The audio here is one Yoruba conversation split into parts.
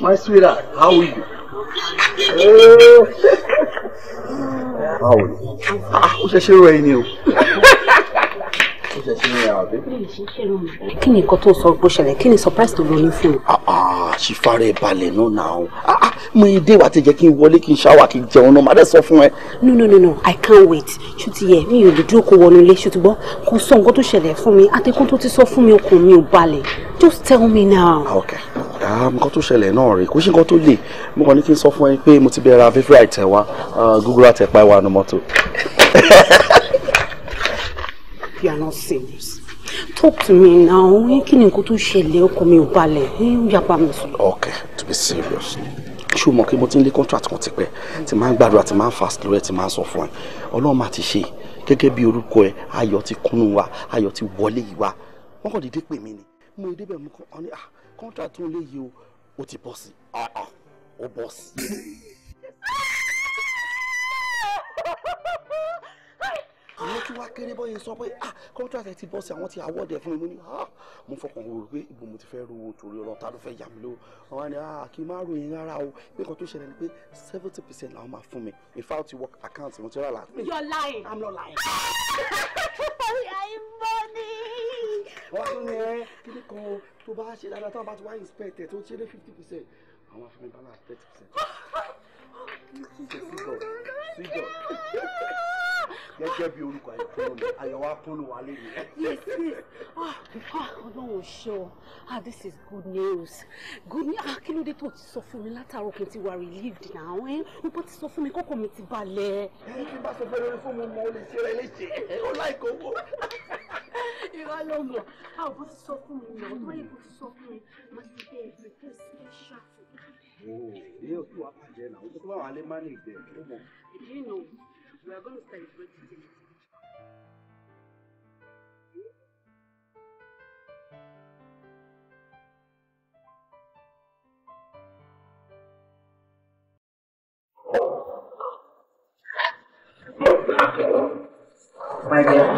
My sweetheart, how are you? Eh. How are you? Ó ṣẹ̀ṣẹ̀ rọ ẹni o. Ó ṣẹ̀ṣẹ̀ rọ ẹni àbí? Kí ni nǹkan tó sọ bó ṣẹlẹ̀? Kí ni surprise tó lóyún fún mi? Ah, ah, ṣì fara ẹ̀ balẹ̀ náà nà ó. Ah, mo yí dé wa ti jẹ́ kí n wọlé kí n ṣáwà kí n jẹun náà. Màá dẹ̀ sọ No no no no I can't wait. Ṣùtì yẹ mi ò lè dúró kó wọnú ilé ṣùtì gbọ́. Kò sọ nǹkan tó ṣẹlẹ̀ fún mi. Atẹ́kùn tó ti sọ fún mi ọkàn mi ò balẹ̀. Just tell me now. Okay. Ah, um, nǹkan tó ṣẹlẹ̀ náà rèé kò sí nǹkan tó le mo kàn ní kí n sọ fún ẹ pé mo ti bẹ̀rẹ̀ afẹ́fẹ́ àìtẹ̀ wa ah, google àtẹ̀ pa ìwà nu mọ́tò. you are not serious talk to me now eh, kí ni nǹkan tó ṣẹlẹ̀ ọkọ mi ò balẹ̀ ń eh, yapa mi sùn. okay to be serious ṣé o mọ̀ kí mo ti ń lé contract kan ti pẹ́ tí máa ń gbàdúrà tí máa ń fast lórí ẹ̀ tí máa ń sọ fún ẹ ọlọ́run máa ti ṣe gẹ́gẹ́ bí orúkọ ẹ ayọ̀ ti kúnnú wa ayọ̀ ti wọlé yìí wa wọ́n kàn dédé pè mí ni mo débẹ̀ mo kàn ọ́ ní à ah, contract tó lè yí o ó ti bọ́ sí ah, ah, ó bọ́ sí. ìyẹn tún wá kéré bọ́ yẹn sọ pé ah contract ti bọ́ sí àwọn ti award fún mi mo ní ah mo fọkàn wò pé ibo mo ti fẹ́ ro torí ọ̀rọ̀ ló fẹ́ yà mí lówó àwọn àni ah kí n má ròyìn rárá o pé nǹkan tó ṣẹlẹ̀ ni pé seventy percent làwọn máa fún mi in fact work account mo ti rà là. you're lying. i'm not lying. àìmọ́ni. wọ́n tún ní ẹ eh, kí ni kan o tó bá ṣe dáadáa tó bá ti wá inspect ẹ̀ tó ṣe dé fifty percent àwọn afẹ́mi balance thirty percent gẹ́gẹ́ bí orúkọ àyọ̀kúnlò mi àyọ̀wá kúnlò wà yes yes ọlọ́run ò ṣe ọ ah this is good news good news ah kí ló dé tó ti sọ fún mi látàárọ̀ kí n ti wà relieved náà ẹ n kò ti sọ fún mi kọ́kọ́ mi ti balẹ̀. ẹ kí n bá sọ fẹ́ lórí fún mi mo lè ṣe rẹ léṣe ó láìkó owó. ìwà ló mọ̀ a ò bó ti sọ fún mi náà tó yẹ kó ti sọ fún mi màá ti bẹ́ẹ̀ prepare special food. ìyẹn ò tún wá pa jẹ́ náà ó tó bá wà á lè manage ó mọ̀. you know we are gonna celebrate today. My dear.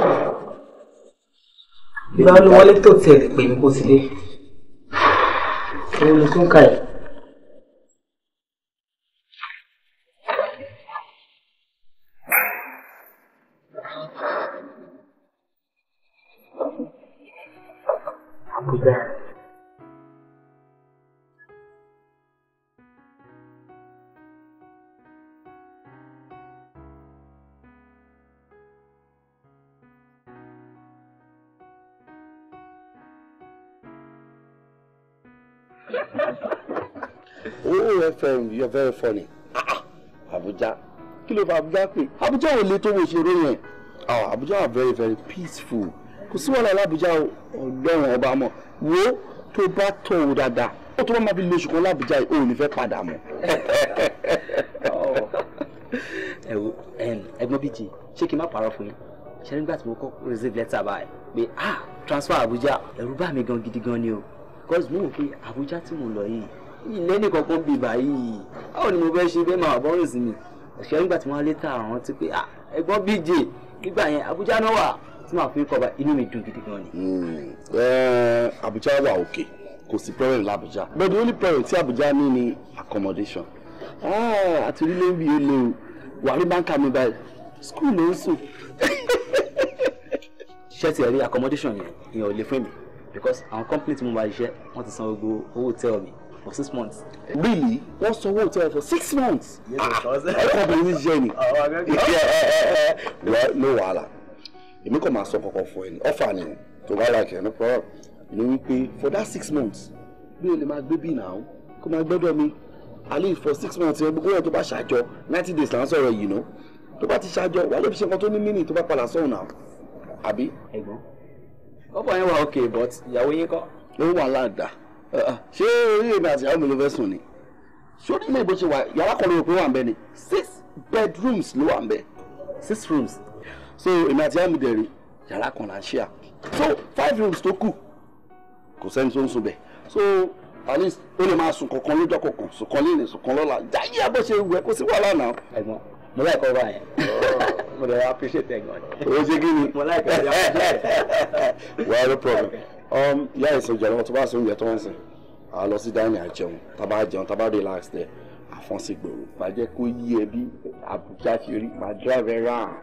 Ìbáwọlé wọlé tó tiẹ̀ lè pè mí kó sílé. Èmi ló tún kà yìí. very funny. Ah, ah. Abuja kí ló fa Abuja pé Abuja ò le tó bó ṣe yẹn ah, Abuja are very very peaceful kò sí wàhálà l'Abuja ọ̀dọ́run ọba mọ̀ wo tó bá tó o dáadáa ó tó bá máa fi lóṣù kan l'Abuja yìí òun ní fẹ́ padà mọ́. ẹ̀gbọ́n bíjì ṣé kí n má parọ́ fún yín ṣe nígbà tí mo kọ́ receive letter báyìí pé ah transfer Abuja ẹ̀rù bá mi gan gidi gan ni o because mo mọ̀ pé Abuja tí mo lọ yìí ilé nìkan kan bì báyìí báwo ni mo fẹ́ ṣe bẹ́ẹ̀ máa bọ́rùn sí mi ọ̀ṣẹ́ nígbà tí wọ́n lé tà àwọn ti pé ah, ẹ̀gbọ́n bíje nígbà yẹn Abuja náà wà tí màá fi kọba inú mi dùn gidi gan ni. Hmm. Eh, Abuja wà òkè kò sí problem l'Abuja but the only problem tí Abuja ní ni accommodation ah, àti orílẹ̀ èdè yìí lè wàrí báńkà mi báyìí school ló ń sùn ṣé ti ẹ̀rí accommodation yẹn ìyẹn ò lè fún mi because àwọn company tí mo máa ṣiṣẹ́ wọ́n ti san gbogbo owó tẹ́ ọ mi for six months. really wọ́n sanwó hotel for six months. ẹ kọ́ bí ní jẹ́ ni no wahala èmi kò máa sọ kankan fún ẹ ní ọ̀fà ni To bá like ẹ no problem You will pay for that six months bí o lè máa gbé bí náà kó máa gbẹ́dọ̀ mi for six months You go to tó bá ṣàjọ ninety days là ń you know. To tó bá Why don't you lè fi ṣe nǹkan tó ní mínì tó bá padà sọ̀rọ̀ náà àbí. okay but ìyàwó yín kọ́. ó wà ládàá ṣé orí èmi àti ìyàwó mi ló fẹ́ sùn ni ṣé orí ilé ìbò ṣe wà yàrá kan lóore pé wà ń bẹ ni six bedrooms ló wà ń bẹ six rooms so èmi àti ìyàwó mi dẹ̀ yàrá kan là ń ṣíà so five rooms tó kù kò sẹ́ni tó ń sùn bẹ̀ so at least ó lè máa sùn kankan lọ́jọ́ kankan sùn kan lónìí sùn kan lọ́la jáyé àbọ̀ ṣe wù ẹ́ kó sí wàhálà náà. ẹ̀gbọ́n mo láì kọ́ bá yẹn mo lè appreciate ẹ̀gbọ́n. o ṣe kí ni. mo láì kọ́ bá yẹn. well no problem Um, ìyá ìsìn jẹ̀rọ wọn tó bá sún oúnjẹ tó ń sìn àá lọ sí dání àjẹun tá a bá jẹun tá bá relax dẹ àfọ́nsí gbòòrò máa jẹ́ kó yí ẹ bí àbújá ṣe rí máa drive round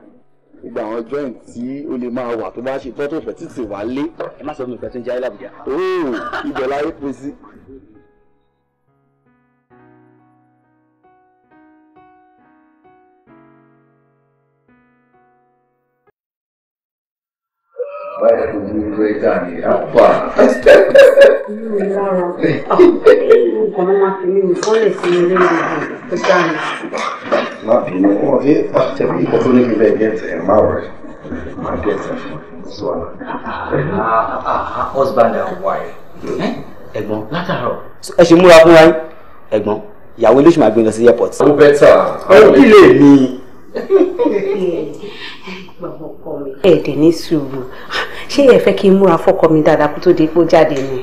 gbogbo àwọn joint tí ó lè máa wà tó bá ṣe tọ́tò fẹ́ títì wálé. ẹ má sọ fún mi fẹ́ ń jẹ́ ayé làbújá. ooo oh, ibẹ̀ láyé pèsè. báyìí kò ní rẹ́gà ní apá. mi não lára ọkọ̀ não máa fi não não não fi mí lórí ìlú tó dá mi. má bínú wọn fi tẹ̀lé ìkọ́ tó níbi bẹ́ẹ̀ gẹ̀ẹ́tẹ̀ ẹ̀ má rẹ̀ má gẹ̀ẹ́tẹ̀ sọ husband and wife eh? ẹ̀gbọ́n látàárọ̀. ẹ ṣe múra fún wa yín ẹ̀gbọ́n ìyàwó ilé ìṣùmọ̀ àgbẹ̀ lọ sí airport. ó bẹ́tà ó kí lè mi. bàbá ọkọ mi. ẹ dẹ̀ ní sùúrù ṣé ẹ fẹ́ kí n múra fọ́kọ mi dáadáa kó tó di pé ó jáde ni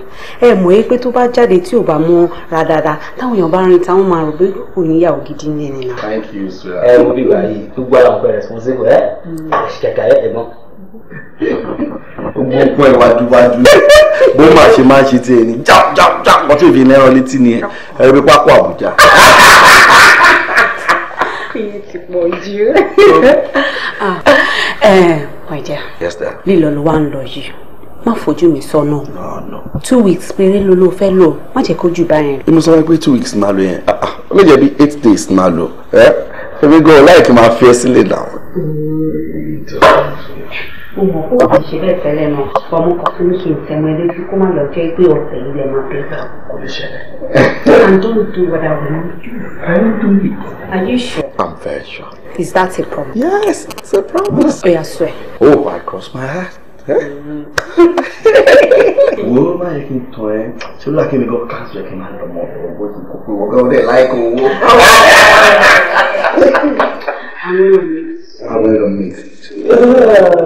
ẹ mọ̀ ẹ́ pé tó bá jáde tí ò bá mú ra dáadáa táwọn èèyàn bá rìn táwọn máa rò pé kò níyàwó gidi ní ẹni náà. thank you sir. ẹ mo bí wàyí gbogbo àwọn ọ̀pẹ responsible ẹ àṣìkàkà ẹ ẹ̀gbọ́n gbogbo ọpọ ìwájúwájú bó máa ṣe máa ṣe tiẹ̀ ní jájájá nǹkan tó fi lẹ́rọ létí ni ẹ ẹ rí pápá Àbújá creative, mon Dieu. ah, eh, my dear. Yes, dear. Lílọ ló wá ń lọ yìí. Má fojú mi sọ́nà. Two weeks péré ló ló fẹ́ lò. Má jẹ́ kójú bá yẹn. Mo sọ pé two weeks máa lò yẹn. Ah, ah. Ó lè jẹ́ bí eight days máa lò. Ẹ̀mí eh? gan-an láìkí máa fi ẹ́ sílẹ̀ náà. Mm, mo mọ̀ pé òkè ṣe náà ọmọ kan tó ní kí n tẹ̀mọ́ ẹ lójú kó má lọ jẹ́ pé ọ̀tẹ̀ ilẹ̀ máa pé. kò lè and don't do what I want. you I don't do it. Are you sure? I'm very sure. Is that a problem? Yes, it's a problem. promise. Oya oh, swear. Oh, I cross my heart. Eh? wo má yẹ kí n tọ ẹ ṣé ló lákè mi gan káàsì yẹ kí n máa lọ mọ ọ̀rọ̀ owó ti kó pé wọn gan ọdẹ láìkó owó. àwọn ọmọ mi. àwọn mi.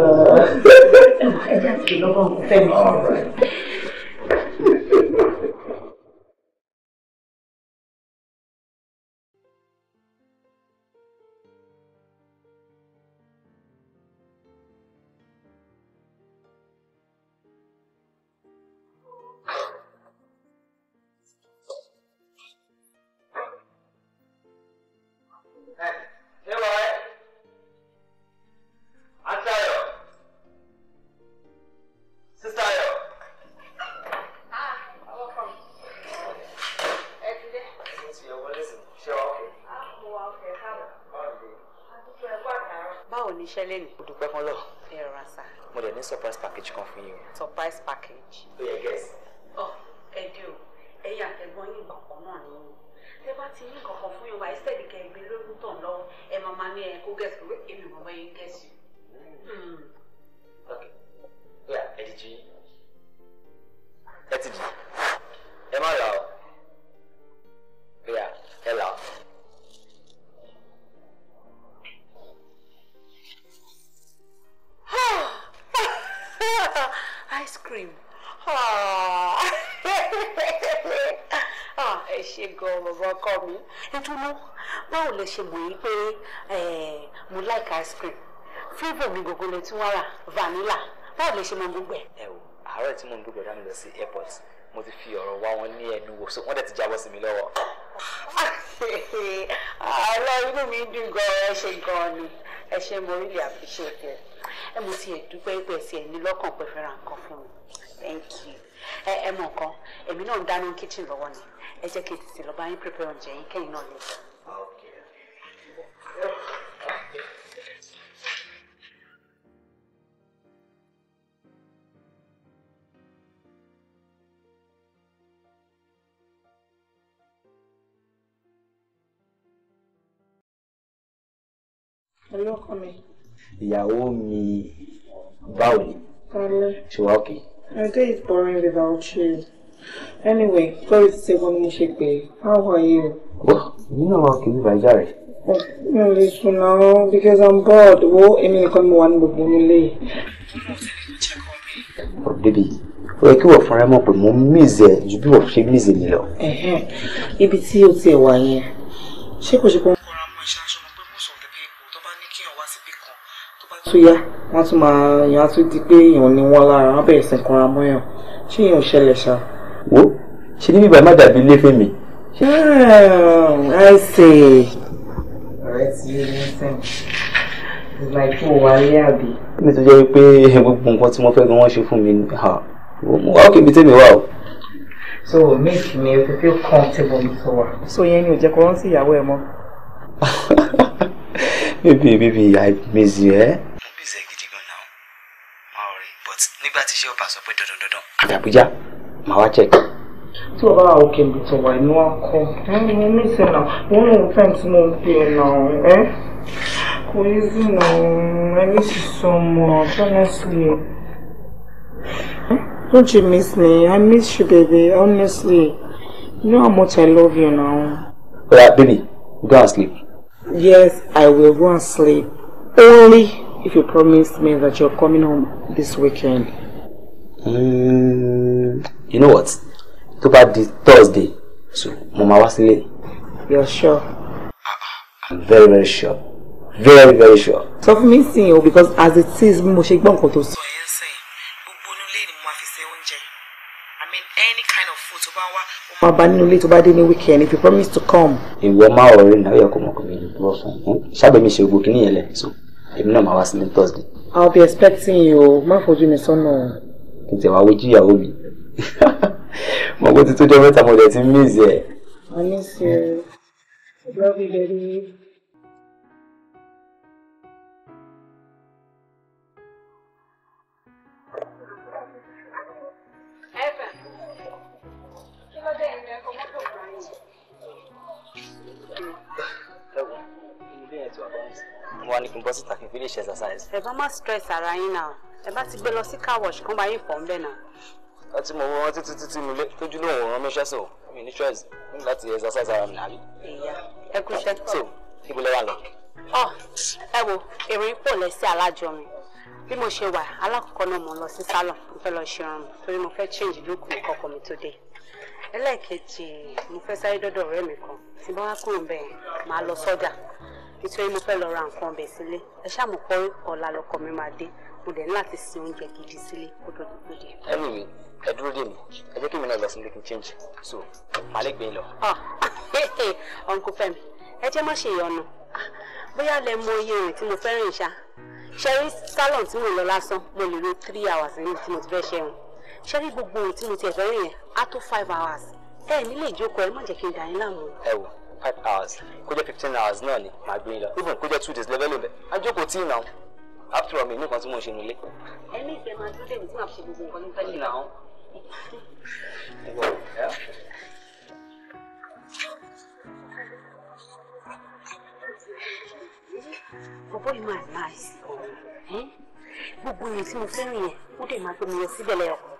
All right. bless you. ẹ ṣe gan bàbá ọkọ mi ìtúnú báwo lè ṣe mọ̀ yí pé mo like ice cream flavour mi gbogbo lè tún wá rà vanilla báwo lè ṣe mọ̀ gbogbo ẹ. ẹ o àárọ̀ tí mò ń gbogbo ọ̀dà lọ sí airport mo ti fi ọ̀rọ̀ wá wọn ní ẹnu wò so wọ́n dẹ̀ ti jábọ́ sí mi lọ́wọ́. àlọ́ inú mi dùn gan ẹ ṣe gan ni ẹ ṣe mo really appreciate ẹ ẹ mo ti dúpẹ́ pé ẹ ti ẹ̀ ní lọ́kàn pé nǹkan fún mi thank you ẹ ẹ mọ̀ nǹkan èmi náà ń dáná kitchen lọ́wọ́ ni. Ezekiel é vai proprio oggi che non li sa. Ok. Olókọ̀mi. Ìyàwó mi báwo ni? Kálẹ̀. Ṣé wà ókè? I think it's boring without you. anyway sorry ti ṣe wọn ni ṣe pé how are you. mi náà máa kiri ìbàjá rẹ. mi ò lè sùn náà because i'm bored wo èmi nìkan mi wà ní gbogbo nílé. Oh, bébì ó yẹ kí wọ́n fúnra mọ̀ pé mo míìzì ẹ̀ ju bí wọ́n ṣe míìzì mi lọ. ibi tí o ti ẹ̀ wà yẹn ṣé kò ṣe pé wọ́n fara mọ́ iṣẹ́ aṣọ pé mo sọ pé ipò tó bá ní kí èèyàn wá síbi kan tó bá tún yá wọ́n tún máa yàn á tún di pé èèyàn ni wọ́n lára wọ́n bẹ̀rẹ̀ sí kanra mọ́ èèyàn ṣé èèyàn ò ṣẹlẹ̀ ṣáà wo ṣe ní bíbá má dàbí ilé fún mi. ẹ ṣe ọ̀rẹ́ ti yé mi sẹ́yìn ìgbà ìkó wálé àbí. nítorí jẹ́ pé gbogbo nǹkan tí wọ́n fẹ́ gan wọ́n ṣe fún mi mo wá òkè ibi tèmi wà o. so make me feel comfortable with wa. so yẹn ni ò jẹ́ kó rántí ìyàwó ẹ mọ́. baby baby i miss you eh? ẹ. mo bí ṣe gidi gan-an máa rí but nígbà tí ṣé o bá sọ pé dandan dandan. àbí àbújá màá wá check. tí o bá wà òkè ibi tó wà inú akọ mo mí sí nà wọn ò fẹ́ tí mo ń pè nà ẹ kò yí sí nà ẹ ní sísọ mọ honestly. Don't you miss me? I miss you, baby. Honestly, you know how much I love you now. Yeah, baby, go and sleep. Yes, I will go and sleep. Only if you promise me that you're coming home this weekend. Mm, you know what tó bá di thursday so Mama máa wá sílé. sure. i'm very very sure very very sure. So, fún mi sìn o because as it is we ṣe gbọ́ nǹkan tó sọ yẹn sìn gbogbo inú ilé ni mo máa fi ṣe oúnjẹ i mean any kind of food tó bá wá o máa bá nínú ilé weekend if you promise to come. ìwọ máa ọ̀rẹ́ náà yẹ kó mọ̀ kó mi lọ fún un ṣàbẹ̀mí ṣe gbogbo kìnìyẹn lẹ̀ so èmi náà máa wá thursday. i'll be expecting you má fojú mi sọ́nà. kí n tẹ̀ wá wojú ìyàwó mi mo kó ti tó jọ mẹ́ta mo dẹ̀ ti miss ẹ̀. I miss you. you, baby. wọ́n ní kí n bọ́ síta kí n finish exercise. ẹ bá má stress ara yín náà ẹ bá ti gbé lọ sí car wash kán bá yín fọ̀ ń bẹ̀ náà àti mo wọ́n títí títí mi lójú lóhùn ọ̀ràn mẹ́ṣẹ́ sọ mi ní choice láti exercise ara mi nàbí. ìyá ẹ kú iṣẹ́. so ibo lẹ wà lọ. ọ ẹ wo èrò ipò lẹ́sẹ̀ alájọ mi bí mo ṣe wà alákọ̀ọ́kọ́ náà mo lọ sí salon mo fẹ́ lọ ṣe irun torí mo fẹ́ change look mi kọ́kọ́ mi tó dé ẹlẹ́ẹ̀kejì mo fẹ́ sáré dọ́dọ̀ ọ̀rẹ́ mi kan tí bá wá kúrò bẹ́ẹ̀ máa lọ sọ́jà nítorí mo fẹ́ lọ ra nǹkan ọbẹ̀ sílé ẹ ṣáà mọ̀ pé ọ̀la lọkọ mi máa dé mo dẹ̀ ní láti sin oúnjẹ gidi sílé kó tó dé. ẹ lù mí ẹ dúró dè mí ẹ jẹ́ kí mi náà lọ sí lókun change so màá lè gbé yín e lọ. Ah, uncle Fẹ́mi ẹ jẹ́ má ṣe ìyọnu bóyá lẹ mọ iye rìn tí mo fẹ́ rìn ṣá ṣẹ́rí salon tí mo lọ lásán mo lè lo three hours nínú tí mo ti fẹ́ ṣẹ́run ṣẹ́rí gbogbo ohun tí mo ti ẹ̀fẹ́ rìn yẹn á tó five hours ẹ nílé ìjókòó ẹ má jẹ́ kí n dà yín láàmú. ẹ wò five hours kó jẹ́ fifteen hours náà ni màá gbé yín lọ even kó jẹ́ two days level ọbẹ̀ á jókòó tí náà after all mi nìkan tí mo ṣe nílé. ẹ ní ìfẹ́ máa dúró dé mi tí màá fi gbogbo nǹkan ní fẹ́ Bọ̀bọ̀ yìí máa ń náà Gbogbo èyí tí mo fẹ́ràn yẹn, ó dẹ̀ máa gbé mi lọ síbẹ̀ lẹ́yọ̀kan.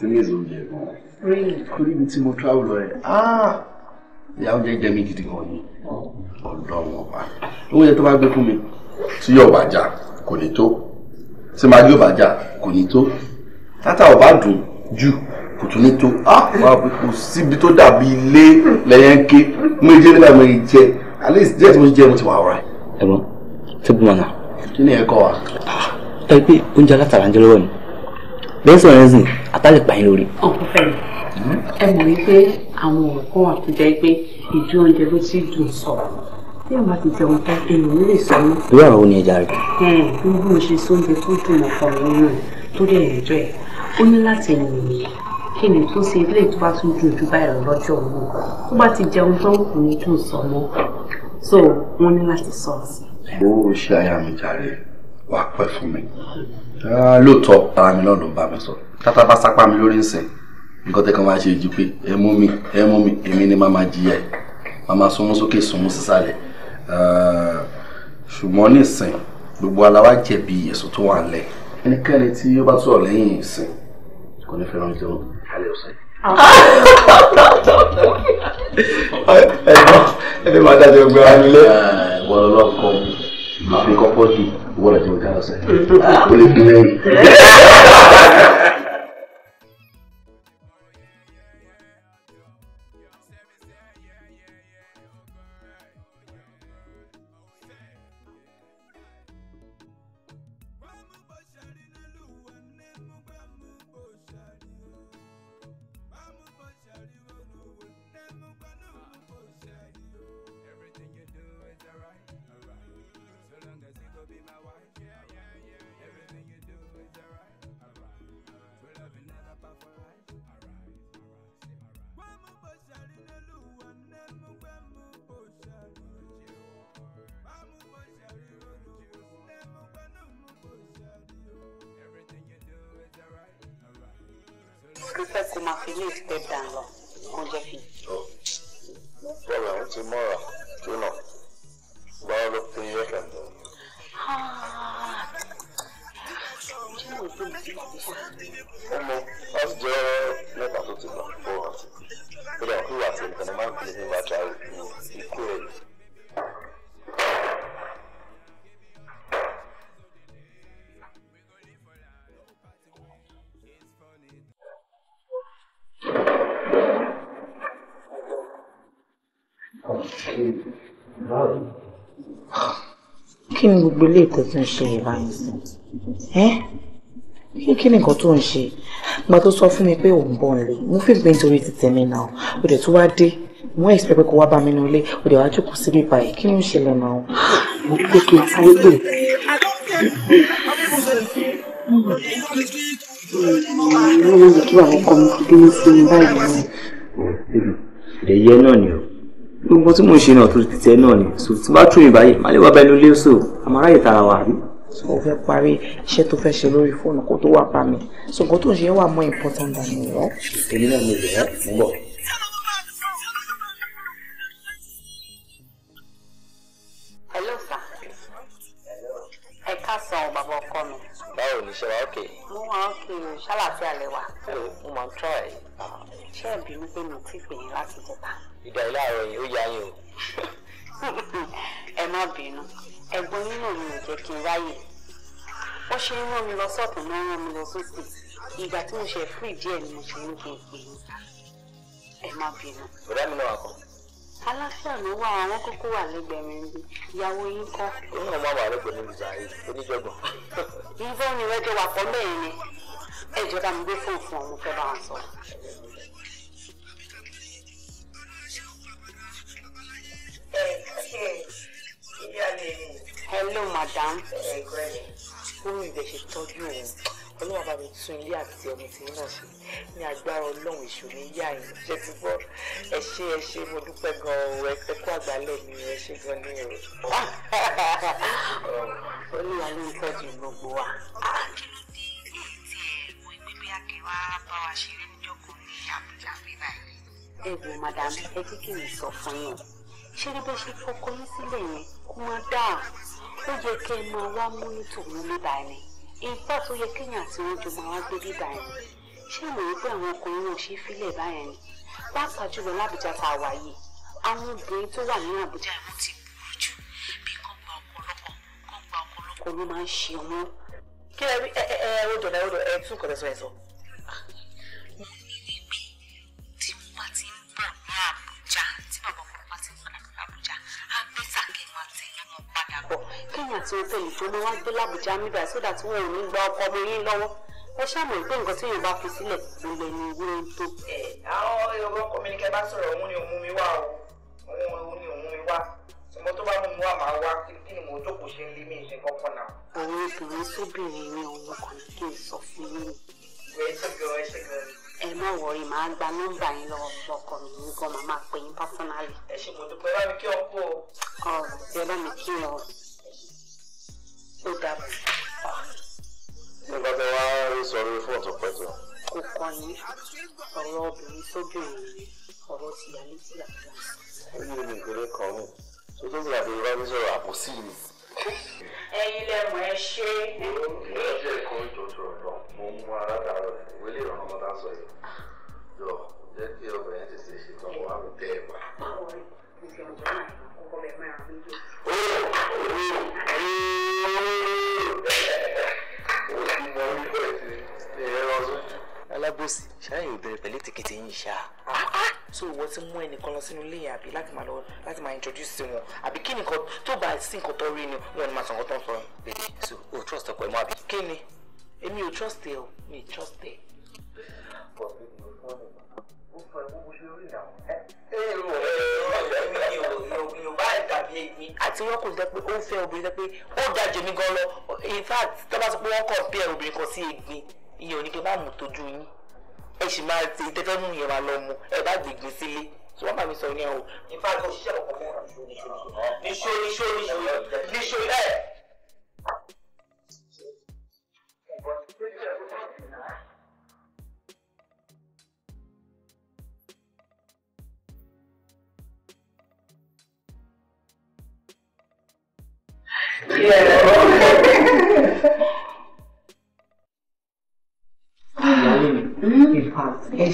ti mí ìzò oúnjẹ gan torí mi tí mo travel rẹ ah! ìyá oúnjẹ jẹ mí gidi gan ni ọ̀dọ̀ wọn pa oúnjẹ tó bá gbé fún mi tí yóò bá jà kò ní tó tí màá yóò bá jà kò ní tó tátà ò bá dùn jù kò tún ní tó ah! kò síbi tó dàbí ilé lẹ́yìn ké mo jẹ́ nígbà mo jẹ at least díẹ̀ tí mo jẹ́ mo ti wà ọ̀rá. ẹ̀gbọ́n tí bùmọ̀ náà. kí ni ẹ̀kọ́ wa. Ah! ẹ pé oúnjẹ alátara ń jẹ lọ́wọ́ mi lẹ́sìn ẹ̀sìn àtàlẹ̀ pààyàn lórí. ọ̀pọ̀ fẹ́ẹ̀ ẹ mọ̀ wípé àwọn ọ̀kọ́ wà tó jẹ́ pé ìdí oúnjẹ ló ti dùn sọ bí àwọn àti jẹun tán ènìyàn lè sọ mọ́. ìwé àwọn òní ẹja rẹ. ẹ bí mo ṣe sóúnjẹ tó dùn ọkọ mi nù tó dẹ̀ ẹ̀jọ́ ẹ̀ ó ní láti ẹ̀yìn kí ni tó ṣe ilé tó bá tún ju ojú báyìí lọ lọ́jọ́ òru tó bá ti jẹun tán kò ní dùn sọ mọ́ so wọ́n ní láti sọ ọ́ sí. owó ṣe àyà jàre wà pẹ́ fún mi ah, lóòótọ́ ara mi náà ló bá mi sọ tátà bá sápá mi lórí ǹsẹ̀ nǹkan tẹ́ kan máa ṣe ju pé ẹ mú mi ẹ mú mi èmi ni màá máa jìyà ẹ̀ màá máa súnmú sókè súnmú sísàlẹ̀ ah, ṣùgbọ́n nísìn gbogbo aláwa jẹ̀bi ẹ̀sùn tó wà lẹ̀ ẹnikẹ́ni tí ó bá tó ọ̀ lẹ́yìn ìsìn kò ní fẹ́ràn jẹun alẹ́ ọ̀sẹ̀. ẹ̀gbọ́n ẹ̀dẹ̀ máa dájọ́ gbé wa nílé. Ah, ìwọ lọ́kọ̀ọ́ máa fi kọ́kọ́ di ìwọ́n lọ́jọ́ ìdáhùn sẹ́yìn ó lè fi lẹ́yìn. gbogbo ilé ìtọ́ tó ń ṣe ìbáyìí ẹ́ kí kí ni nǹkan tó ń ṣe gba tó sọ fún mi pé òun bọ̀ nílé mo fi gbé nítorí títẹ̀ mi náà ó dẹ̀ tó wá dé wọ́n ẹ̀sìn pé kó wá bá mi nílé ó dẹ̀ wá jókòó síbí báyìí kí ló ń ṣẹlẹ̀ náà mo gbé kí n sáré lò. mo ní kí àwọn ọkọ mi fi bínú sí mi báyìí. ìdèyẹ náà ni o gbogbo tí mò ń ṣe náà tó ti tẹ náà ni so tí bá tún ìbáyé má lè wá bẹnu lé so àmàráyè tara wà rí. so o fẹ́ parí iṣẹ́ tó fẹ́ ṣe lórí fóònù kó tó wà bá mi so nǹkan tó ń ṣe wà mọ́ important than mi rọ. èmi náà mi ò lè rẹ́ fún bọ̀. hello sir ẹ káàsán o bàbá ọkọ mi. báwo ni ṣe wa ókè. mo wà ókè o ṣáláfíà lẹ wà. mo máa ń tọ́ ẹ̀. ṣé ẹ̀ bí wípé mi ò tí ì pè yín láti jẹta ìdá ìlàrọ̀ yìí ó yá yín o. ẹ má bínú ẹ̀gbọ́n yín náà mi ò jẹ́ kí n ráyè ó ṣe ń rán mi lọ sọ́tún náà rán mi lọ sósì ìgbà tí mo ṣe fún ìdí ẹ̀ ni mo ṣe ń gbé pé ẹ má bínú. bùdá mi náà wà kọ́. aláfíà ló wà àwọn kókó wà lẹ́gbẹ̀ẹ́ mi bí ìyàwó yín kọ́. òun náà má wà lẹ́gbẹ̀ẹ́ mi ìjà yìí oníjọ́gbọ̀n. ìbọn ni rẹ́jọ wà pọ̀ mẹ́rin ni ẹ̀jọ̀ mi gbé fóònù fún ọ mo bá wọn sọ̀rọ̀. hello madam kúrò ìbẹ̀ṣẹ̀ tọ́jú òun ọlọ́wọ́ bá mi tún ilé àti ọmọ tí náà ṣe ní agbára ọlọ́run èṣù ní yá yìí ṣe ti gbọ́ ẹ ṣé ẹ ṣé mo dúpẹ́ gan o ẹ kú àgbálẹ̀ mi ẹ ṣé gan ni o. olúwa ló ń tọ́jú gbogbo wa. ewu madam ẹ jẹ́ kí n sọ fún yín ṣọ́rí bó ṣe fọkọ yín sílẹ̀ yẹn kó máa dáa ó yẹ kẹ́ ẹ máa wá mú nítorí bíbá ni ìgbà tó yẹ kéèyàn àti wọn jọ máa wá gbé bíbá ni ṣé ìmọ̀ wípé àwọn ọkùnrin náà ṣe fílẹ̀ báyẹn ni pàápàá jùlọ lábújá tá a wà yìí àwọn obìnrin tó wà ní àbújá ìmọ̀ ti burú jù bí kàn gba ọ̀pọ̀lọpọ̀ kàn gba ọ̀pọ̀lọpọ̀ ló máa ń ṣe wọn. kí ẹ ẹ ẹ ó dọ̀la ẹ tún kọ̀ọ̀tẹ̀ sọ ẹ sọ. àti hòtẹ́ẹ̀lì tó máa wá gbé làbújá níbà sódà tí wọn ò ní gba ọkọ ọmọ yín lọ́wọ́ ẹ ṣàmọ̀ pé nǹkan tí yorùbá fi sílẹ̀ kò lè ní ìwé ohun tó. àwọn yorùbá ọkọ mi ni kẹ bá sọ̀rọ̀ òun ni òun mi wá o òun ni òun mi wá ṣùgbọ́n tó bá mú mi wá màá wá kí ni mò ń jókòó ṣe ń lé mi ìṣe kọ́kọ́ náà. àwọn obìnrin sóbìnrin ni òun kò ní kí n sọ fún yín. ìwé ṣègùn ẹ ṣègùn ẹ má wọrí màá gba nọ́mbà yín lọ ọkọ mi ní gan màmá pé yín pásánálì. ẹ ṣe mo dúpẹ́ bá mi kí ọkọ. ọ̀rọ̀ ẹ bá mi kí ọ ó dàbọ̀. nígbà tí wàá rí sọ̀rọ̀ fún ọ̀tọ̀ pẹ̀tọ̀. kò kàn ní ọ̀rọ̀ obìnrin sóbìnrin ni ọ̀rọ̀ tìyà ní tìyà. ó yẹ mi ìpele kan mi tó tó gbà pé bá mi sọ̀rọ̀ àbòsí mi. ẹ̀yin lẹmọ ẹ ṣe. mo ń jẹ́ ẹ̀kọ́ ìjọ́jọ́ lọ mo ń mú arábàárọ̀ ìwé lè ràn ọmọdé sọ yìí jọ jẹ́ kí ọbẹ̀ yẹn tètè ṣe tán wàá mi tẹ́ ẹ̀ pa. báwo ni mo alágbòsí ṣáàyè ò bẹ̀rẹ̀ pẹ̀lú ètìkìtì yín ṣá. Ah, ah. so ìwọ ti mú ẹnìkan lọ sínú ilé yẹn àbí láti máa lọ láti máa introduce sí wọn àbí kí nìkan tó bá sí nǹkan tó rí ni wọn ni máa sọ nǹkan tó ń sọ so o trust ọkọ ẹ mọ àbí. kí ni èmi ò trust ẹ o mi trust ẹ. àti wọn kò jẹ pé ó ń obìnrin jẹ pé ó dájú mi gan lọ in fact tó sọ pé wọn kàn bí ẹ obìnrin kan sí egbin ìyẹn ò ní bá mú tójú yín ẹ sì máa ṣe ìtẹ́fẹ́ mú yẹn máa lọ mu ẹ bá gbègbè sílé tí wọ́n bá mi sọ yẹn o. ìfà kò ṣiṣẹ́ kọ̀ọ̀kan fún wa níṣó níṣó níṣó níṣó ẹ̀. Yeah. already ẹ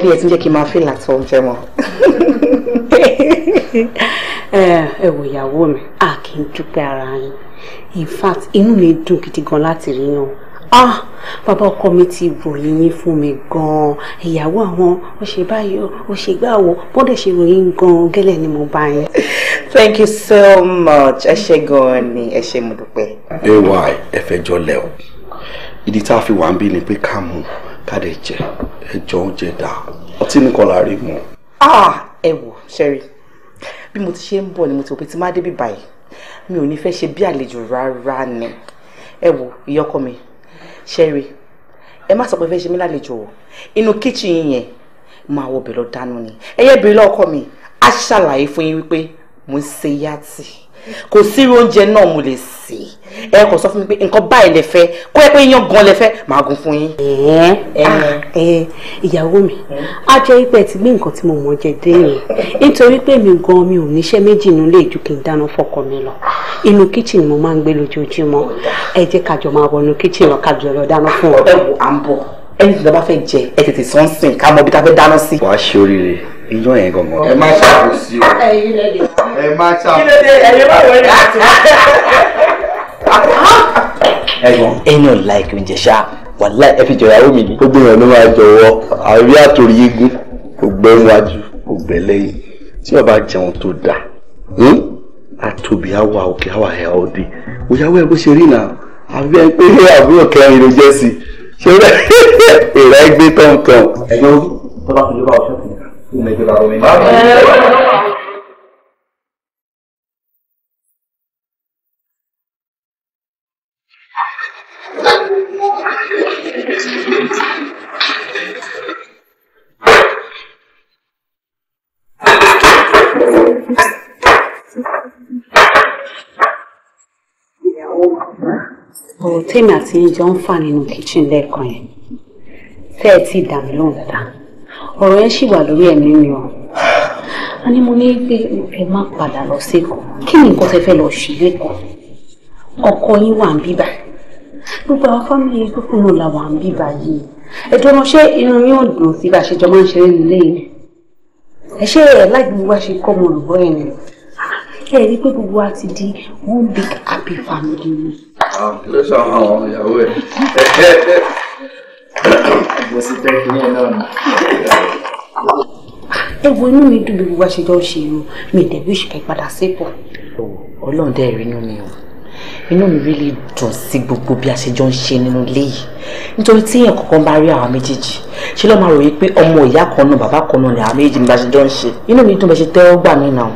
ti jẹ́ kí n máa feel at home jẹ́ mọ́. ẹ wò ìyàwó mi a kì í dúpẹ́ ara yín in fact inú mi dùn gidi gan láti rí yín ah bàbá ọkọ mi ti ròyìn yín fún mi gan-an ìyàwó àwọn ó ṣe báyìí ó ṣe gbàwó bọ́dẹ̀ ṣe ròyìn gan gẹ́lẹ́ ni mo bá yín. thank you so much ẹ ṣé gan-an ni ẹ ṣé mo dúpẹ́. ay ẹ fẹ́ lẹ o ìdí tá a fi wà ń bí ni pé ká mú ká dẹ̀ jẹ ẹjọ́ oúnjẹ dà ọtí nìkan la rí mu. Ah, ẹ wò ṣẹ́rí bí mo ti ṣe ń bọ̀ ni mo ti wò pé tí má débi báyìí mi ò ní fẹ́ ṣe bí àlejò rárá ni ẹ wò ìyọkọ mi ṣẹ́rí ẹ má sọ pé fẹ́ ṣe mí lálejò o inú kíchìn yẹn máa wọ bẹ̀ lọ dáná ni ẹ̀yẹ́ bèrè lọ́kọ mi á ṣàlàyé fún yín wípé mò ń ṣe yàtì kò sírú oúnjẹ náà mo lè sè é ẹ kò sọ fún mi pé nǹkan báyìí lè fẹ́ kó ẹ pé iyán gan lè fẹ́ màá gún fún yín. Ah, ìyàwó mi á jẹ́ wípé ẹ ti gbé nǹkan tí mo mọ̀ jẹ dé yẹn nítorí pé mi gan mi ò níṣẹ́ méjì nílé ìjú kí n dáná fọ́kọ mi lọ inú kíchìn ni mo máa ń gbé lójoojúmọ́ ẹ jẹ́ kájọ máa wọnú kíchìn lọ kájọ lọ dáná fún ọ. ẹ wò à ń bọ̀ ẹni tí wọ́n bá fẹ́ jẹ ẹ tètè sọ́nsìn ká mọ ibi tá a fẹ́ dáná sí. wàá ṣe oríire ijọ́ yẹn gangan. ẹ má ṣàkóso o ẹ má ṣàkóso. kí ló dé ẹyẹ bá wọlé láti. ẹ̀gbọ́n ẹni ò láìkí oúnjẹ ṣá wàhálà ẹ fi jọyà omi ni. gbogbo èèyàn ló máa jọ̀wọ́ àrí àtòrí igun ògbẹ́ wájú ògbẹ́ lẹ́yìn tí o bá jẹun tó dáa hmm, àtòbí àwa òkè àwa ẹ̀ ọ́dẹ òyàwó ẹ bó ṣe rí náà àbí ẹ pé àbúrò kẹrin ló jẹ́ sí i ṣé èrè gbé tọ̀ntọ̀n. ẹ̀gbọ́n tó bá fi lè bá ọṣẹ́ fún তুমি কি পারো ọ̀rọ̀ tèmi àti yín jọ ń fà nínú kitchen lẹ́ẹ̀kan yẹn tẹ́ ẹ ti dà mí lóhùn dáadáa ọ̀rọ̀ yẹn ṣì wà lórí ẹ̀mí mi o a ní mo ní pé ẹ má padà lọ sẹ́kọ̀ọ́ kí ni nǹkan tẹ fẹ́ lọ ṣe lẹ́kọ̀ọ́ ọkọ yín wà ń bíbà gbogbo àwọn fámìlì kúkú náà la wà ń bíbà yìí ẹ̀dùn ọmọṣẹ́ inú yín ò dùn sí bá a ṣe jọ máa ń ṣeré nílé yìí ẹ ṣe ẹ̀ láì gbogbo wa kọ́ ọmọ ọ̀gbọ́n ẹ̀ ni ẹ rí pé gbogbo wa ti di one big happy family. kí ah, ló sọ àwọn ìyàwó ẹ mo sì fẹ́ kí ẹ náà nà. ẹ wo inú mi dùn bí gbogbo àṣejọ ṣe o mi ìdẹ̀bí òṣìkà ìpadà sípò. ọlọ́run dẹ́ rí inú mi o inú mi rí lè dùn sí gbogbo bí àṣejọ ń ṣe nínú ilé yìí nítorí tí èèyàn kankan bá rí àwọn méjèèjì ṣé ló máa ròyìn pé ọmọ ìyá kan náà bàbá kan náà ni àwọn méjèèjì bá ṣe jọ ń ṣe inú mi dùn bẹ́ẹ̀ ṣe tẹ́wọ́ gbà mí náà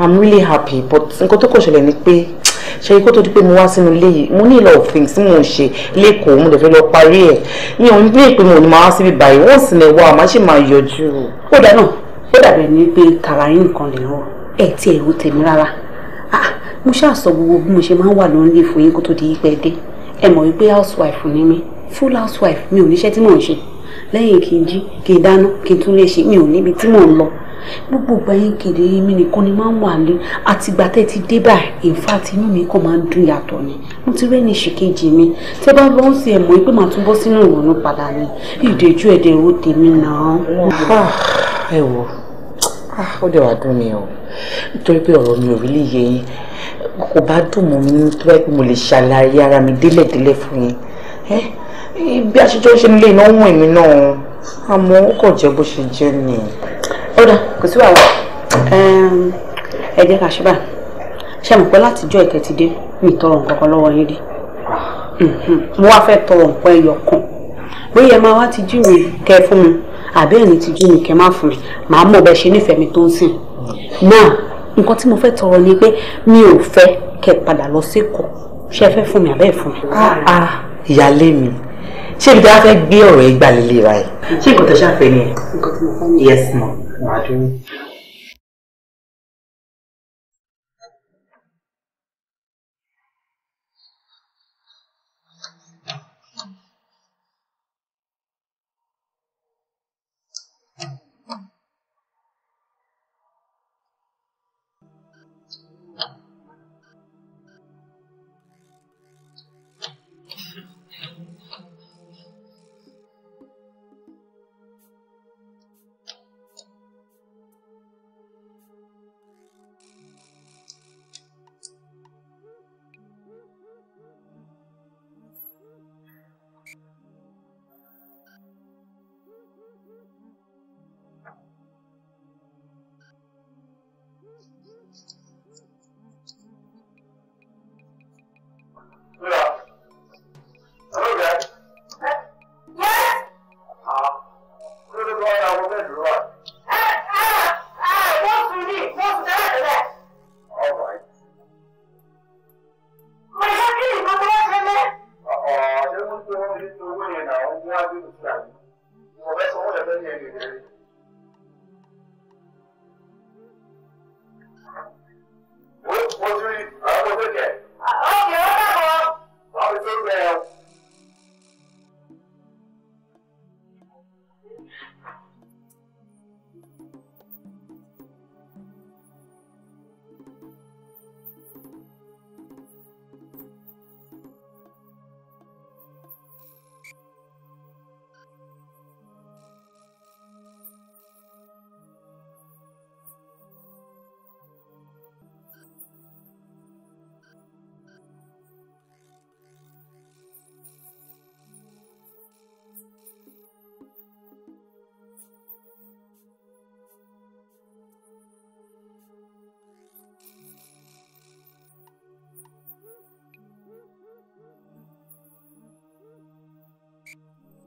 i'm really happy but nǹkan tó kò ṣẹlẹ̀ ni pé ṣe kó tó di pé mo wá sínú ilé yìí mo ní ìlọ òfin tí mo ń ṣe lẹ́kọ̀ọ́ mo lè fẹ́ lọ parí ẹ̀ mi ò ní bí èpè mo ní máa wá síbi báyìí wọ́n sì lè wá màá sì máa yọjú. ó dà náà ó dàbẹ̀ ní pé tààrà yín nìkan lè rọ ẹ̀ tí ẹ̀ ò tèmi rárá ah, mo ṣáà sọ gbogbo bí mo ṣe máa ń wà lórí ìfún yín kó tó di pẹ́ dé ẹ mọ̀ wípé housewife ni mí full housewife mi ò níṣẹ́ tí mò ń ṣe lẹ́yìn kí n jí kí n dáná kí n tún lè ṣe mi ò níbi tí mò ń lọ gbogbo ìgbà yẹn kéde mi nìkan ni máa ń wà lé àtìgbà tẹ́ ti dé báyìí in fact inú mi kàn máa ń dùn yàtọ̀ ni mo ti rẹ́ni ṣìkejì mi tẹ́ bá lọ́ sí ẹ̀ mọ́ pé màá tún bọ́ sínú ìrònú padà ni ìdèjú ẹ̀dẹ̀ ro tèmi náà. Ah, ẹ wo ah, ó dẹ̀ wá dùn mí o nítorí pé ọ̀rọ̀ mi ò rí lè yé yín kò bá dùn mọ́ mi tó bá mo lè ṣàlàyé ara mi délẹ̀délẹ̀ fún yín bí a ṣe jọ ṣe nílé iná wọ̀n mi ó dà kò sí wàhálà ẹ jẹ́ ká ṣe báyìí ṣe mọ̀ pé látijọ́ ẹ̀kẹ́ ti dé mi tọrọ nǹkan kan lọ́wọ́ yín rí mo wá fẹ́ tọrọ nǹkan ẹyọ kan bóyá ẹ máa wá ti jú mi kẹ fún mi àbí ẹ̀yin ti jú mi kẹ má fún mi màá mọ̀ bẹ́ẹ̀ ṣe nífẹ̀ẹ́ mi tó ń sìn náà nǹkan tí mo fẹ́ tọrọ ni pé mi ò fẹ́ kẹ padà lọ sékòó ṣe fẹ́ fún mi àbẹ́ fún mi. Ah. Ah. ìyáálé mi ṣé ibi tí wọ́n fẹ́ gbé ọ̀rọ̀ ìgbàlélẹ̀ rà ẹ̀ ṣé nǹkan tó ṣàfẹ́ ni ẹ̀ yes ma'am. 马对。No.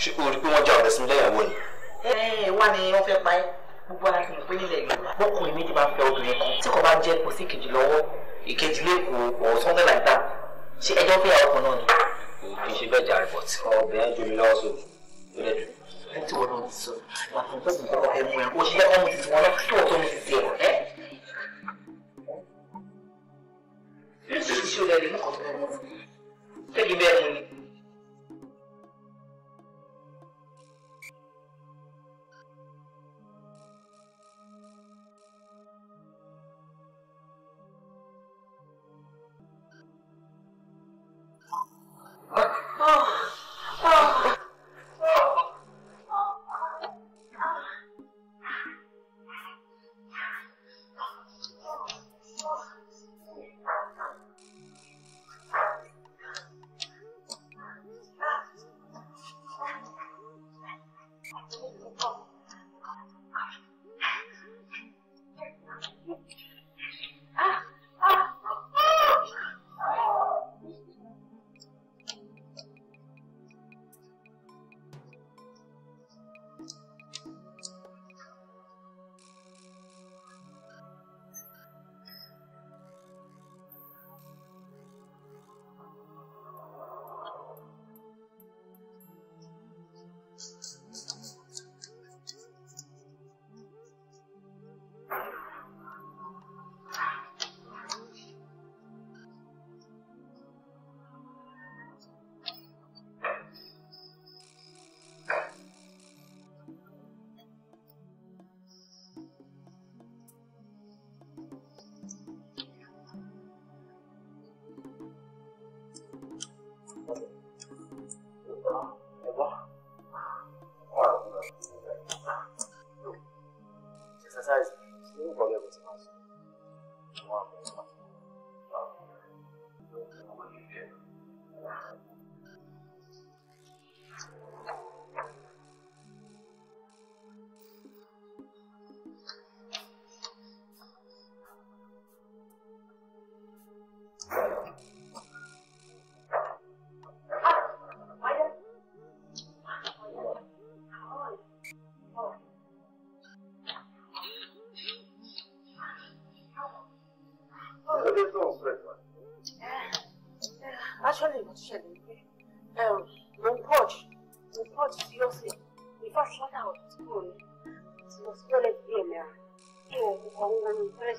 ṣé o rí pé wọ́n já ọ̀rẹ́ sí mi lẹ́yìn owó ni. ẹ ẹ wá ni wọ́n fẹ́ pa ẹ́ gbogbo ara ti mọ̀ pé nílẹ̀ Yorùbá bọ́kùnrin méjì bá fẹ́ obìnrin kan tí kò bá jẹ́ kò sí ìkejì lọ́wọ́ ìkejì lẹ́kọ̀ọ́ or something like that ṣé ẹjọ́ fẹ́ àwọn kan náà ni. kì í ṣe bẹ́ẹ̀ jàre bọ̀t ọbẹ̀ ẹ̀ jomi lọ́wọ́ sóòlù ló dẹ̀ dùn. ẹ ti wọ́n lọ sọ màtún tó kù o ṣe yẹ ọmọ tuntun wọn náà kí wọ́n tó mú ti tiẹ̀ ẹ. ní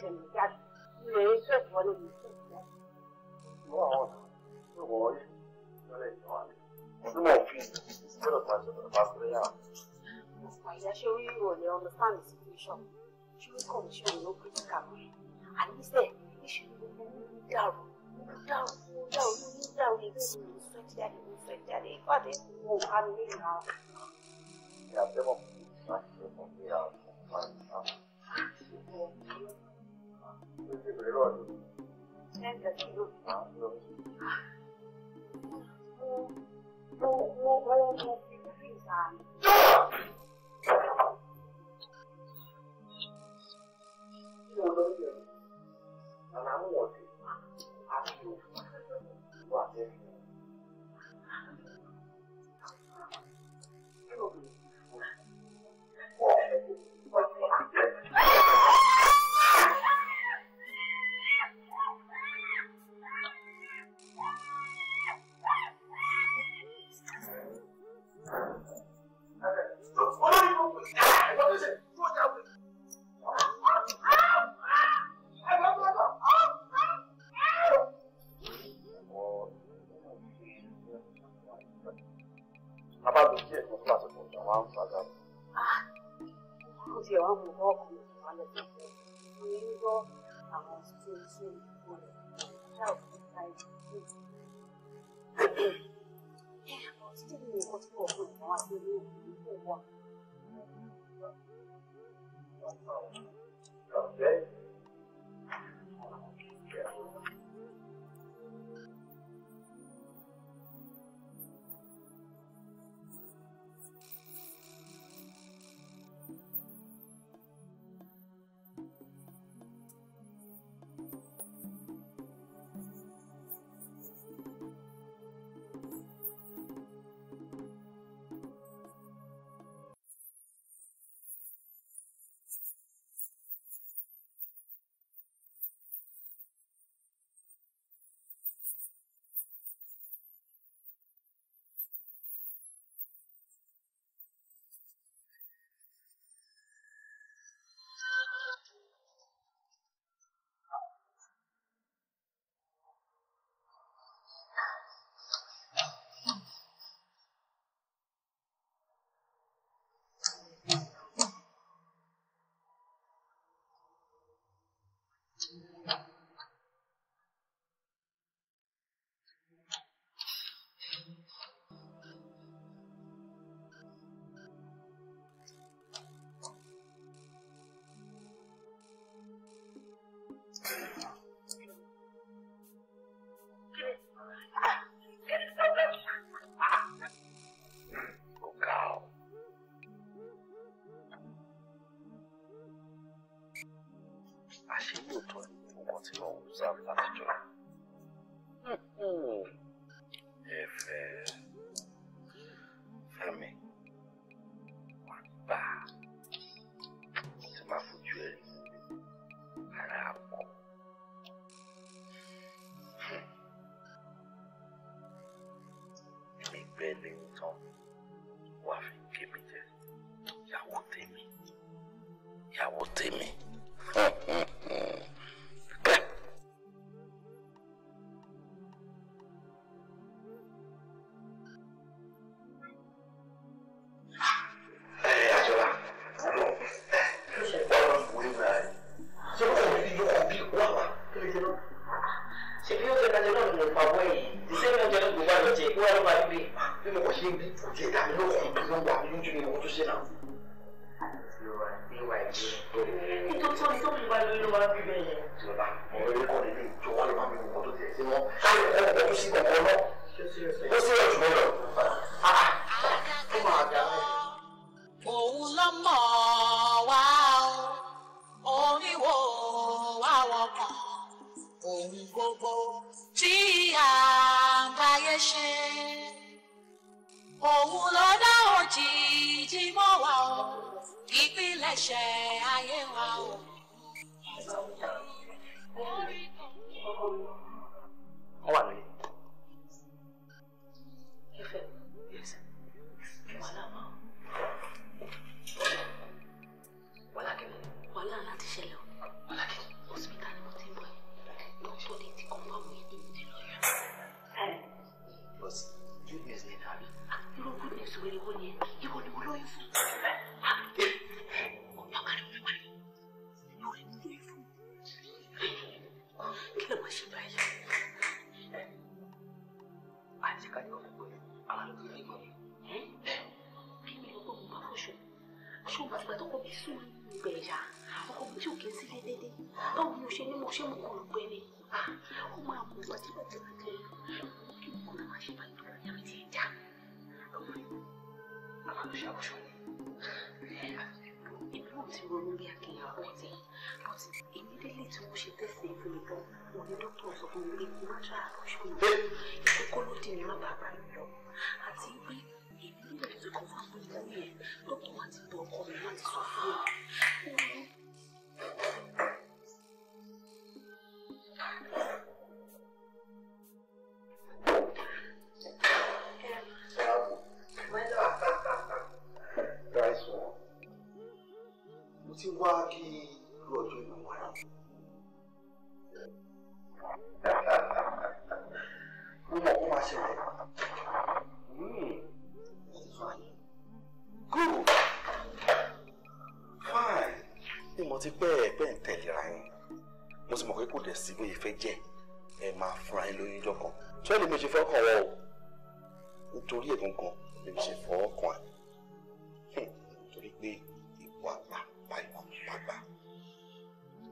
给你家没事活的，你自己。我我有点烦，我这么拼，这个关系怎么这样？My national hero dey understand the situation. She will come, she will no critical. And he said, he should go down, go down, go down, go down. He will be sweat daddy, he will sweat daddy. In fact, he will go and leave now. Yeah, they won't be sweat, they won't be out tutti Thank you. So,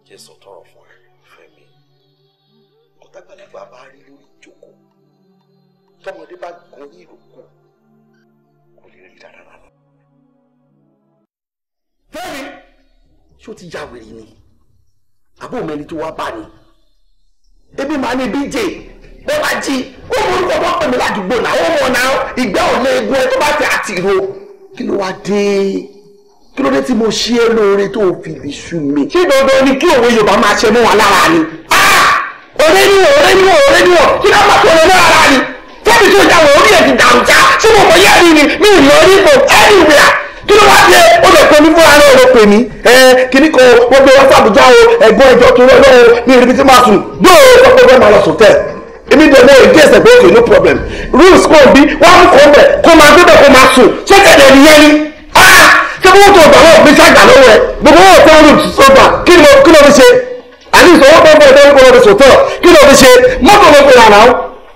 jésù tọrọ fún ẹ fẹmi ọ̀tàgbàlagbà bá rí lórí ìjókòó tọmọdé bá gan ní ìrókò kò lè rí rárá rárá. fẹ́mi ṣé o ti ya wèrè ni àbúrò mẹ́ni tó wá bá ni ebi màá ní bíjè bẹ́ẹ̀ bá jí ó mú orúkọ bọ́ pẹ̀lú àdúgbò náà ó mọ̀ náà ìgbà ò lè egun ẹ tó bá fẹ́ àtìró kí ló wá dé kí ló dé tí mo ṣe é lóore tó fi fi sú mi. ṣé dandan ni kí òwe yorùbá máa ṣe mọ́ wọn lára ni. Ah! ọ̀rẹ́ ni wọ̀ ọ̀rẹ́ ni wọ̀ ọ̀rẹ́ ni wọ̀ kí ló máa sọ̀rọ̀ lára ni. fẹ́mi tó da wọ̀ orí ẹ̀ ti dàrú já tí mo mọ̀ yẹ́ mi ni mi ò lọ rí bò anywhere kí ló wáá dé ó lè pẹ̀lú fúnra náà ló pè mí ẹ kíní kan wọ́n gbé wọ́n sàbújá o ẹ̀gbọ́n ẹ̀jọ́ tó rẹ̀ lọ́wọ́ mi ò rí bí tí máa sùn gbóò kọ́kọ́ fẹ́ máa lọ sùn tẹ̀ èmi dẹ̀ náà èdè ẹ̀sẹ̀ pé okay no problem rules kò bí wọ́n á mú kó bẹ̀ kó máa gbé bẹ̀ kó máa sùn ṣé kẹ̀dẹ̀ nìyẹn ni ṣé owó tó gbà wọ́n mi ṣàgbà lọ́wọ́ ẹ̀ gbogbo owó tó ń lò tó gbà kí ló kí ló fi ṣe àní ìṣòwò tó ń bọ̀ tó ń kó lọ fi sòtọ́ kí ló fi ṣe mọ́tò ló fi ràn án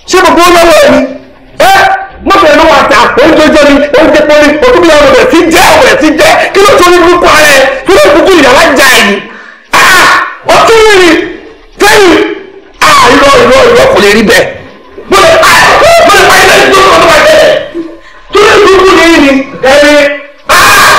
ṣé gbogbo lọ́wọ́ ẹ̀ ni ẹ́ mọ́tò ẹ̀ ló wà tà oúnjẹ jẹ́ ni oúnjẹ pọ́lí òtúbi àwọn ọ̀rẹ́ ti jẹ́ ọ̀rẹ́ ti jẹ́ kí ló tó ní burúkú ara kí ló burúkú ìyàrá jà ah, yìí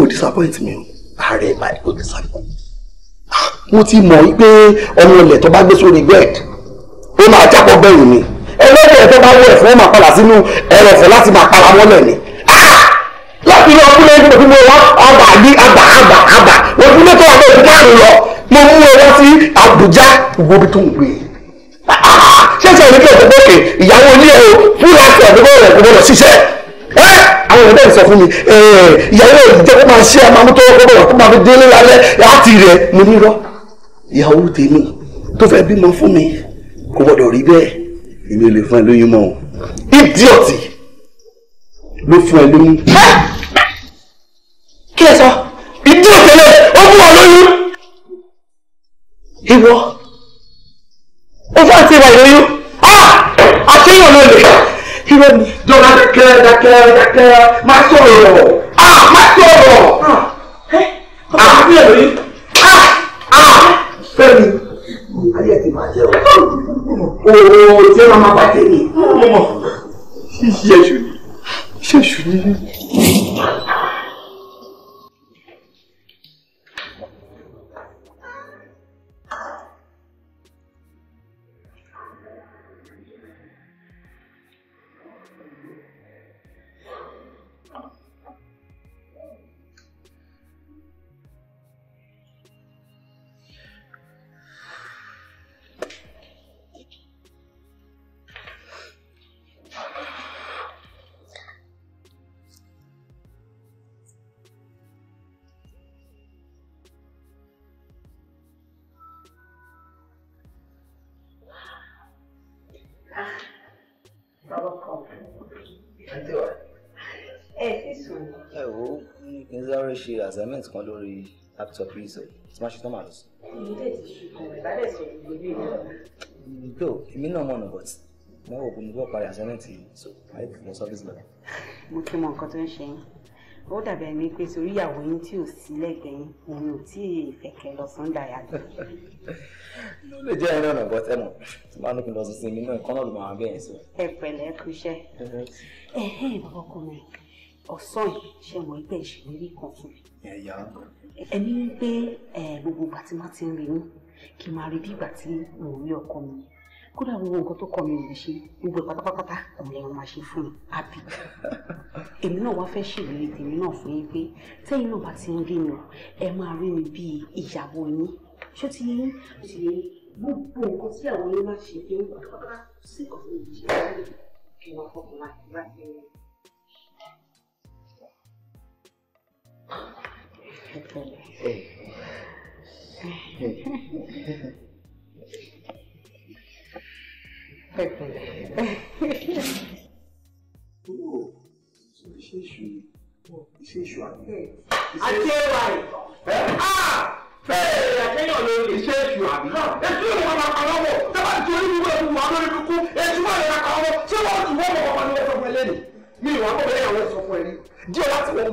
o disappoint me! o ààrẹ máa kò disappoint mo ti mọ̀ wípé ọmọ ilẹ̀ tó bá gbé sórí bed ó máa jápọ̀ bẹ́yìn ni ẹlẹ́dẹ̀ tó bá wọ ẹ̀fọ́ máa padà sínú ẹrọ̀fọ̀ láti máa para mọ́lẹ̀ ni ah! láti lọ ọkùnrin ẹgbẹ́ tí mo wá àgbà ní àgbà àgbà àgbà ojúlé tó wà ní òkú márùn lọ mo mú ẹ wá sí Àbújá ìwọ bí tó ń gbé ah! ṣé ṣe ìrètí ọ̀dọ́gbọ́kè ìyàwó ilé o fúlàtì ọ̀dọ́gbọ́ rẹ̀ àwọn ọ̀rẹ́ bẹ́ẹ̀ sọ fún mi ìyàwó ìjẹ́ kó máa ṣe amamútọ́ kọ́kọ́ kó máa fi délé lálẹ́ láti rẹ̀ mo nírọ́ ìyàwó tèmi tó fẹ́ bímọ fún mi kò gbọ́dọ̀ rí bẹ́ẹ̀ èmi ò lè fún ẹ lóyún mọ́ o idiọ̀tì ló fún ẹ lóyún. kí ẹ sọ idiọ̀tì lẹ ó fún ọ lóyún. ìwọ ó fún àti ìwà ìlóyún ah! àṣeyàn ló lè kí ló ní. jọba dákẹ́ dákẹ́ dákẹ́ má sọ̀rọ̀ ah má sọ̀rọ̀. ọba mi ò rí. fẹ́mi ayé ti máa jẹ o o jẹ́ mama bàtẹ́ mi. mo mọ̀ ṣíṣe èṣù ni ṣíṣe èṣù ni. sùn. ẹ wo kí n sáré ṣe assignment kan lórí laptop yìí sọ tí máa ṣe tán màá lọ sùn. ìdílé ti ṣùkọ̀ rẹ̀ lálẹ́ sọ gbogbo ilé rẹ̀. tó èmi náà mọ̀nà but mo wò pé mo gbọ́ parí assignment yìí so ayé kò mọ service lọ. mo ti mọ nǹkan tó ń ṣe yín ó dàbí ẹni pé sórí ìyàwó yín tí ò sí lẹ́gbẹ̀ẹ́ yín òun ò tí ì fẹ̀kẹ́ lọ sún dàyà lọ. ló lè jẹ́ iná ọ̀nà bọ́tẹ́ mọ̀ tí máa nùkú lọ sí sinmi náà kọ́nà ló máa bẹ̀yẹn sí. ẹ pẹ̀lẹ́ kúṣẹ́ ẹ hẹ́ ọ̀sán yìí ṣe mọ̀ ẹgbẹ́ ìṣèlérí kan fún mi. ẹ̀yà. ẹni wípé gbogbo ìgbà tí má ti ń rí yín kí n máa rí bí ìgbà tí mo rí ọkọ mi kódà gbogbo nǹkan tó kọ mi ò lè ṣe gbogbo ẹ̀ pátápátá òun lẹ́yìn máa ṣe fún mi àbí. èmi náà wá fẹ́ ṣèlérí tèmi náà fún yín pé tẹ́yìn náà bá ti ń rí mi ẹ máa rí mi bíi ìyàwó yín ṣó ti yín ṣe gbogbo nǹkan tí àwọn yín máa ṣe fún mi pátápátá sí ọ̀fun ìjìnlẹ̀ kí wọ́n fọkàn láti rí mi. di ọlá tí wọ́n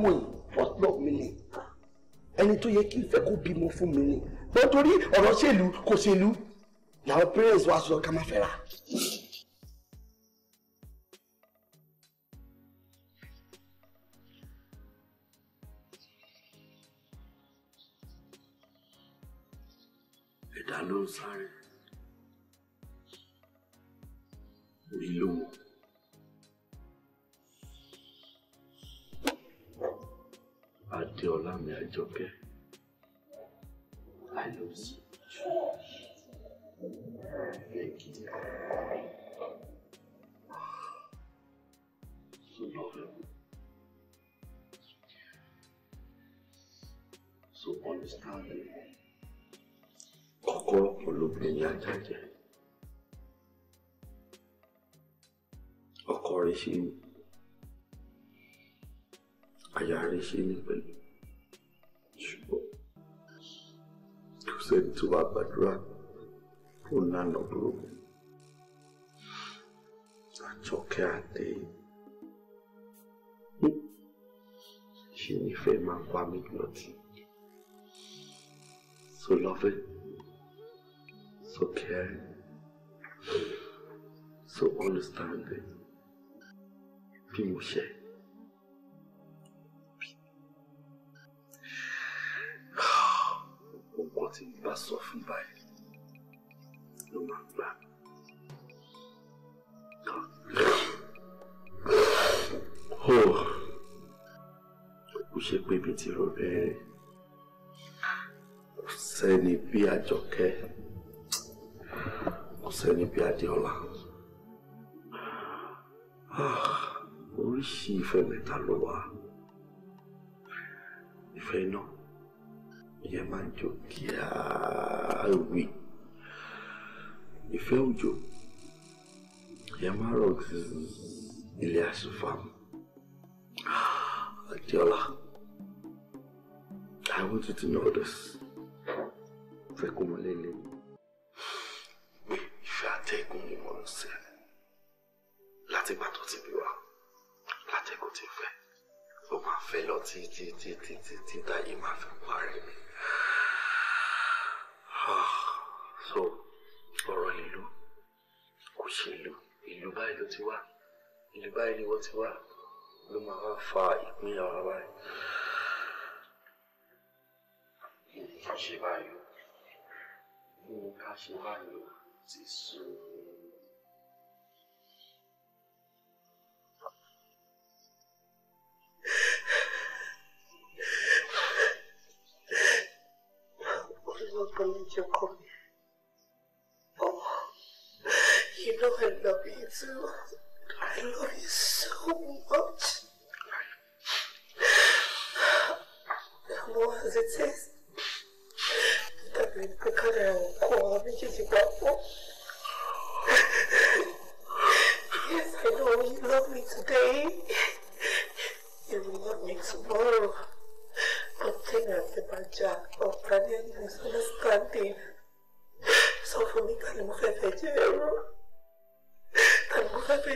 mú yìí first love mi ẹni tó yẹ kí n fẹ́ kó bímọ fún mi ni bọ́n torí ọ̀rọ̀ ṣèlú kò ṣèlú làwọn parents wa sọ ká má fẹ́ ra. ẹ̀dá ló ń sáré orí ló wọ̀. Adeolami Ajoke. I love you. Thank you. So lovable. So understanding. Ọkọ olóbìnrin ajájẹ. Ọkọ rẹ̀ ṣe àyà rẹ̀ ṣe ní pẹ̀lú ṣùgbọ́n kò sẹ́ni tó bá gbàdúrà kó nánà burúkú àjọkẹ́ àtẹ ṣe nífẹ̀ẹ́ máa pa mí lọ́tì so loving so caring so understanding bí mo ṣe. bá sọ fún báyìí ló máa gbà. kò ṣe pé mi ti rò bẹ́ẹ̀ kò sẹ́ni bí àjọkẹ́ kò sẹ́ni bí adéọlá ah, oríṣi ìfẹ́ mẹ́ta ló wà ìfẹ́ náà yẹ máa ń jọ kíá ewì ìfẹ́ òjò yẹ máa rọ̀ ilé àsùnfàmù Adéọlá I want you to know this fẹ́ kó mọ lélẹ̀ ìfẹ́ àtẹ̀gùn ni mo ń ṣe látìgbà tó ti bí wa látẹ̀gùn ti fẹ́ ó máa fẹ́ lọ títí títí títí táyé máa fi parẹ́ mi. so ọ̀rọ̀ ìlú kò ṣe ìlú ìlú báyìí ló ti wá ìlú báyìí ni wọ́n ti wá ló máa ń fa ìpínyà wa báyìí. kí ká ṣe báyìí kí ni ká ṣe báyìí ti sùn. coming to come Oh, you know I love you too. I love you so much. More as it is. Tàbí kíkọ́dà ẹ̀wọ̀n kọ́ ọ méjèèjì papọ̀. Yes, I know you love me today. You will love me tomorrow kẹ́yìn àti bàjá ọ̀pá ní ẹni misunderstanding sọ fún mi ká ni mo fẹ́ fẹ́ jẹ́ ẹ̀rọ tàbí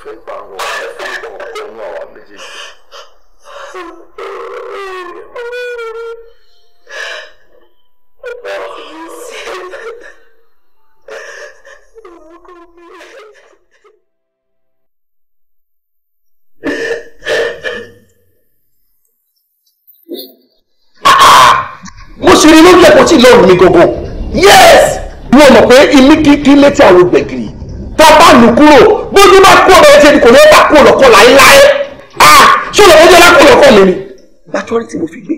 ìfẹ́ gba àwọn ọ̀rẹ́ fún ọ̀pọ̀ àwọn méjèèjì. mo ṣe rí lórí mi gbogbo mọ̀ pé imí kíkí létí àwọn gbẹ̀gìrì tá a bá lù kúrò bójú bá kú ọ̀rọ̀ ẹ̀ṣẹ̀ kò ní bá kú ọ̀lọ́kọ̀ láéláé ah, ṣé ọ̀rọ̀ ẹ̀ṣẹ̀ lákọ̀ ọ̀lọ́kọ̀ mi ni. maturity mo fi gbé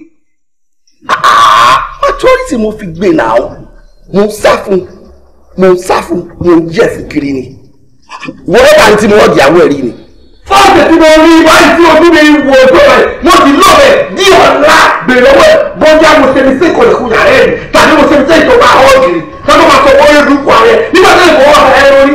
maturity ah, mo fi gbé náà mo ń sá fún mo ń sá fún mo ń yẹ̀ fún kiri ni wọ́n bá ń tí mo wọ́n di àwọn ẹ̀rí ni fáàtì tí mo rí báyìí tí ojú mi wò ojú rẹ̀ mo sì lọ rẹ̀ bí ọ̀la bèrè owó bọ́jà mo ṣe mi sí ìkọ̀lẹ̀kùn yàrá ẹ̀ tàbí mo ṣe mi sí ìjọba àwọn ògiri tàbí mo máa sọ owó ewu kọ nígbà tí mo wà lórí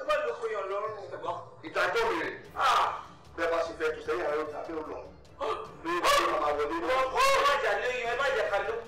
ẹ má lọ fún yàn lọ́rùn. ìdájọ́ mi rè ah! bẹ́ẹ̀ bá ṣe fẹ́ tù sẹ́yìn àárẹ̀ òtún àbẹ́ mi ò bá wọlé lọ. ọmọ ìjà lóyún ẹ má jẹ ká lóko.